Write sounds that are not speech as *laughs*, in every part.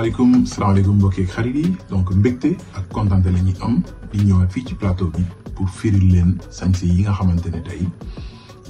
salaamaaleykum salaamaaleykum mbokki ak xarit yi donc mbégte ak kontaan la ñuy am di ñëwaat fii ci plateau bi pour firil leen sañse yi nga xamante ne tey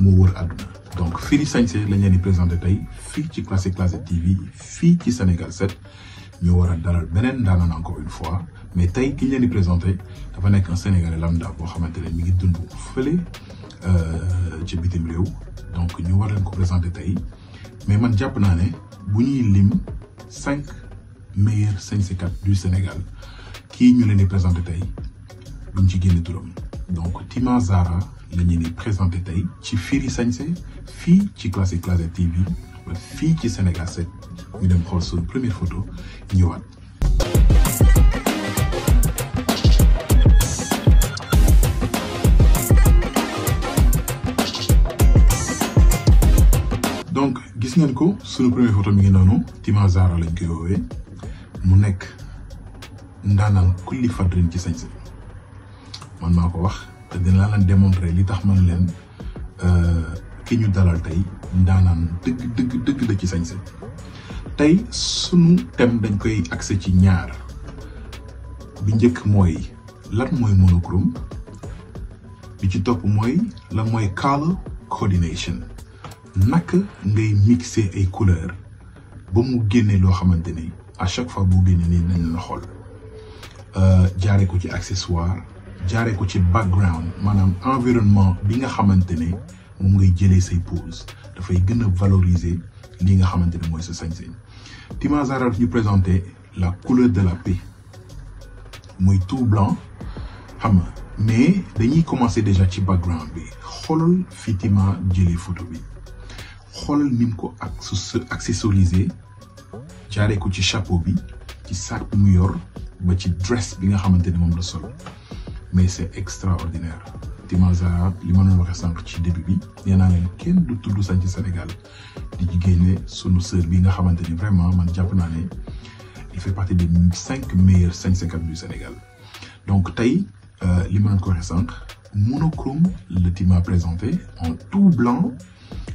moo wër àdduna donc firi sañse lañ leen di présenté tey fii ci classique classique TV fii ci Sénégal 7 ñu war a dalal beneen daanaan encore une fois mais tey ki leen di présenté dafa nekk un Sénégalais boo xamante ne ñu ngi dund fële euh, ci bitim réew donc ñu war ko présenté tey mais man jàpp naa ne bu ñuy lim meilleur sañsekat du Sénégal kii ñu leen di présenté tey duñ ci génne turam donc Tima Zahra lañu ñu ni présenté tey ci Firi Sañse fii ci Classic Classic TV fii ci Sénégal 7 ñu dem xool suñu première photo ñëwaat. donc gis ngeen ko suñu première photo mi ngi noonu Tima Zahra lañ koy woowee. mu nekk ndaanaan kulli fadrin ci sañse man maa ko wax te dina la leen démontrer li tax man leen euh, ki ñu dalal tey ndaanaan dëgg dëgg dëgg la ci sañse tey sunu thème dañ koy accès ci ñaar bi njëkk mooy lan mooy monochrome bi ci topp mooy lan mooy color coordination naka ngay mixer ay couleur ba mu génne loo xamante ni à chaque fois boo génnee nii nañ la xool euh, jaaree ko ci accessoire jaaree ko ci background maanaam environnement bi nga xamante ne moom ngay jëlee say pose dafay gën a valoriser li nga xamante ne mooy sa sañ-sañ Tima Zahra ñu présenté la couleur de la paix muy tout blanc xam na mais dañuy commencer déjà ci background bi xoolal fi Tima jëlee photo bi xoolal ni mu ko accessoriser jaaree ko ci chapeau bi ci sac bi mu yor ba ci dress bi nga xamante ni moom la sol mais c'est extraordinaire Timazara li ma waxee sànq ci début bi nee naa leen kenn du tudd sañ ci Sénégal di jigéen su sunu sœur bi nga xamante ni vraiment man jàpp naa ne il fait partie des cinq meilleurs sañsekat du Sénégal donc tey euh, li ma doon ko waxee sànq monochrome le Tima présenté en tout blanc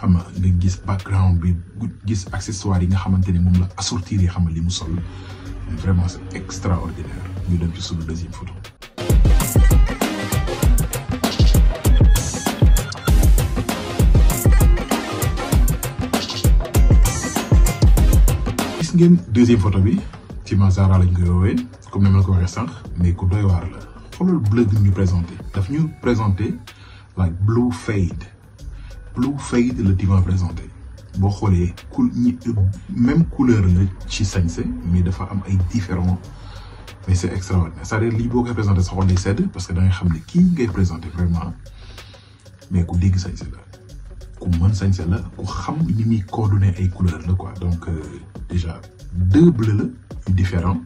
xam na nga gis background bi gis accessoire yi nga xamante ni moom la assortir yi xam nga li mu sol vraiment c'est extraordinaire ñu photo. bi ci Masara lañ koy woowee comme ni ma la ko waxee sànq mais ku doy waar la xoolal bleu bi ñu présenté daf ñu présenté like blue fade. Blue Fade la divan présenté boo xoolee ku même couleur la ci sañse mais dafa am ay différents mais c'est extraordinaire c'est-à-dire lii boo koy présenté sa xol day sedd parce que da ngay xam ne kii ngay présenté vraiment mais ku dégg sañse la ku mën sañse la ku xam ni muy coordonné ay couleur la quoi donc euh, déjà deux bleus la yu différents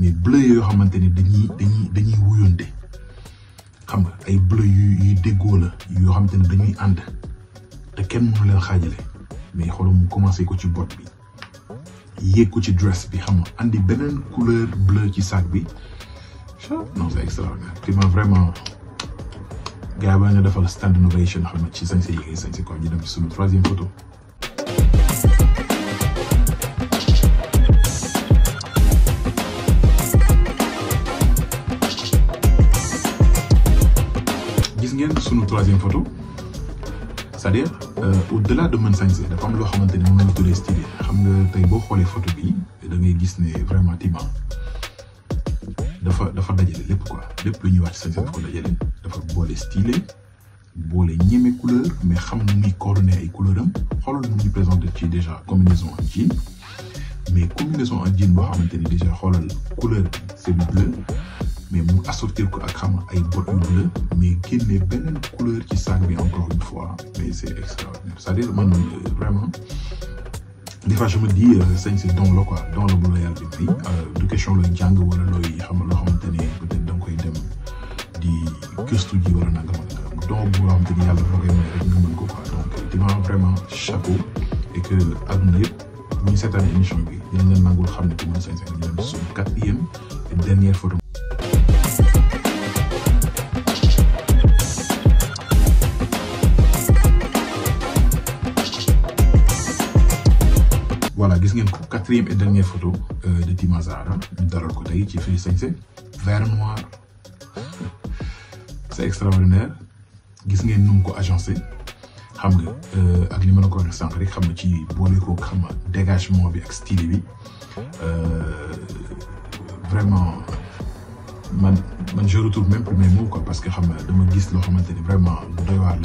mais bleu yoo xamante ni dañuy dañuy dañuy wuyonte xam nga ay bleu yu yuy déggoo la yoo xamante ne dañuy ànd te kenn mënu leen xaajale mais xoolal mu commencé ko ci boot bi yéeg ko ci dress bi xam nga andi beneen couleur bleu ci sac bi non c'est extraordinaire vraiment gars baa nga defal stand innovation xam nga ci sañ sa yéegee sañ sa ko ñu dem suñu troisième photo gis ngeen suñu troisième photo c'est-à-dire euh, au-delà de mën sañse dafa am loo xamante ne moom la tuddee style xam nga tey boo xoolee photo bi da ngay gis ne vraiment Tima dafa dafa dajale lépp quoi lépp lu ñuy wax sañse dafa ko dajale dafa boole style boole ñeme couleur mais xam nu muy coordonné ay couleur am xoolal nu muy présenté ci déjà combinaison en jean mais combinaison en jean boo xamante ni déjà xoolal couleur c'est bleu. mais mu assortir ko ak xam ay bot yu bleu mais génne beneen couleur ci sac bi encore une fois mais c' est extraordinaire cest man euh, vraiment des fois je me dis euh, sañ si don la quoi don la bu la yàlla di du question la jàng wala looy xam loo xamante ne peut être da koy dem di gëstu ji wala nangam ak nangam don bu donc di ma vraiment chapeau et que adduna yëpp bu ñu seetaan émission bi dinañ leen nangul xam ne bu mën sañ-sañ quatrième et dernière gis ngeen ko quatrième et dernière photo euh, de Tima Zahra ñu ko tey ci Free Sañse vert noir *laughs* c'est extraordinaire gis ngeen num ko agencé xam nga euh, ak li ma la ko waxee sànq xam nga ci boole ko xam nga dégagement bi ak style bi euh, vraiment man man je retrouve même premier mot quoi parce que xam nga dama gis loo xamante ni vraiment doy na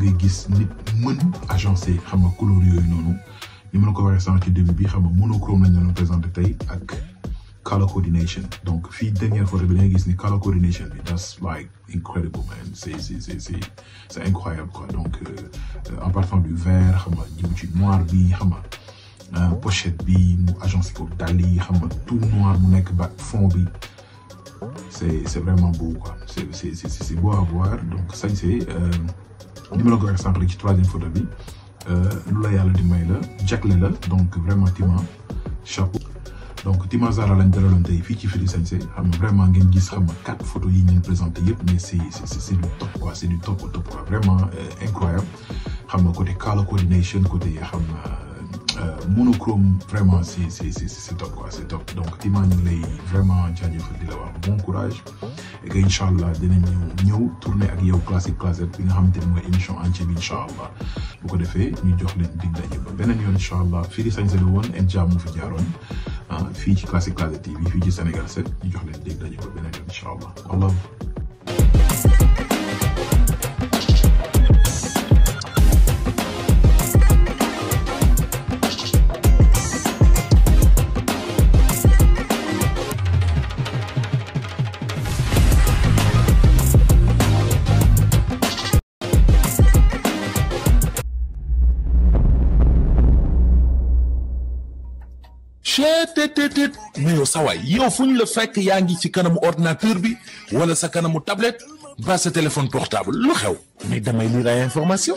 ngay gis nit. mën agencé xam nga couleur yooyu noonu ni ma ko waxee sànq ci début bi xam nga monochrome lañ leen présenté tey ak color coordination donc fii dernière photo bi da nga ni color coordination bi that's like incredible man ci noir bi xam nga euh, pochette bi mu agencé ko dàll yi xam nga tout noir mu nekk ba fond bi c'est vraiment beau quoi c'est c'est c'est donc ça c'est euh, ni ma la ko waxee sànq ci troisième photo bi euh, lu la yàlla di may la jagle la donc vraiment Tima chapeau. donc Tima Zahra lañ dalaloon tey fii ci Firi Sañse xam nga vraiment ngeen gis xam nga quatre ñu leen présenté yëpp mais c'est c'est c'est du top quoi c'est du top top vraiment euh, incroyable xam nga côté color coordination côté xam nga. Euh, monochrome vraiment si c'est si top quoi c'est top donc Iman ñu lay vraiment jaajëfal di la wax bon courage et que incha allah dinañ ñëw ñëw tourner ak yow classique classique nga xam te mooy émission entière bi incha allah bu ko defee ñu jox leen dig daje ba beneen yoon incha allah fii di sañse woon en jaam fi jaaroon ah, fii ci classique classique TV fii ci Sénégal 7 ñu jox leen dig daje ba beneen yoon incha allah cheetetetet mais yow sa yow fu ñu la fekk yaa ngi ci kanamu ordinateur bi wala sa kanamu tablette ba sa téléphone portable lu xew mais damay lire ay information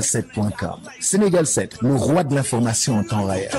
Sénégal7.com. Sénégal le roi de l'information en temps réel.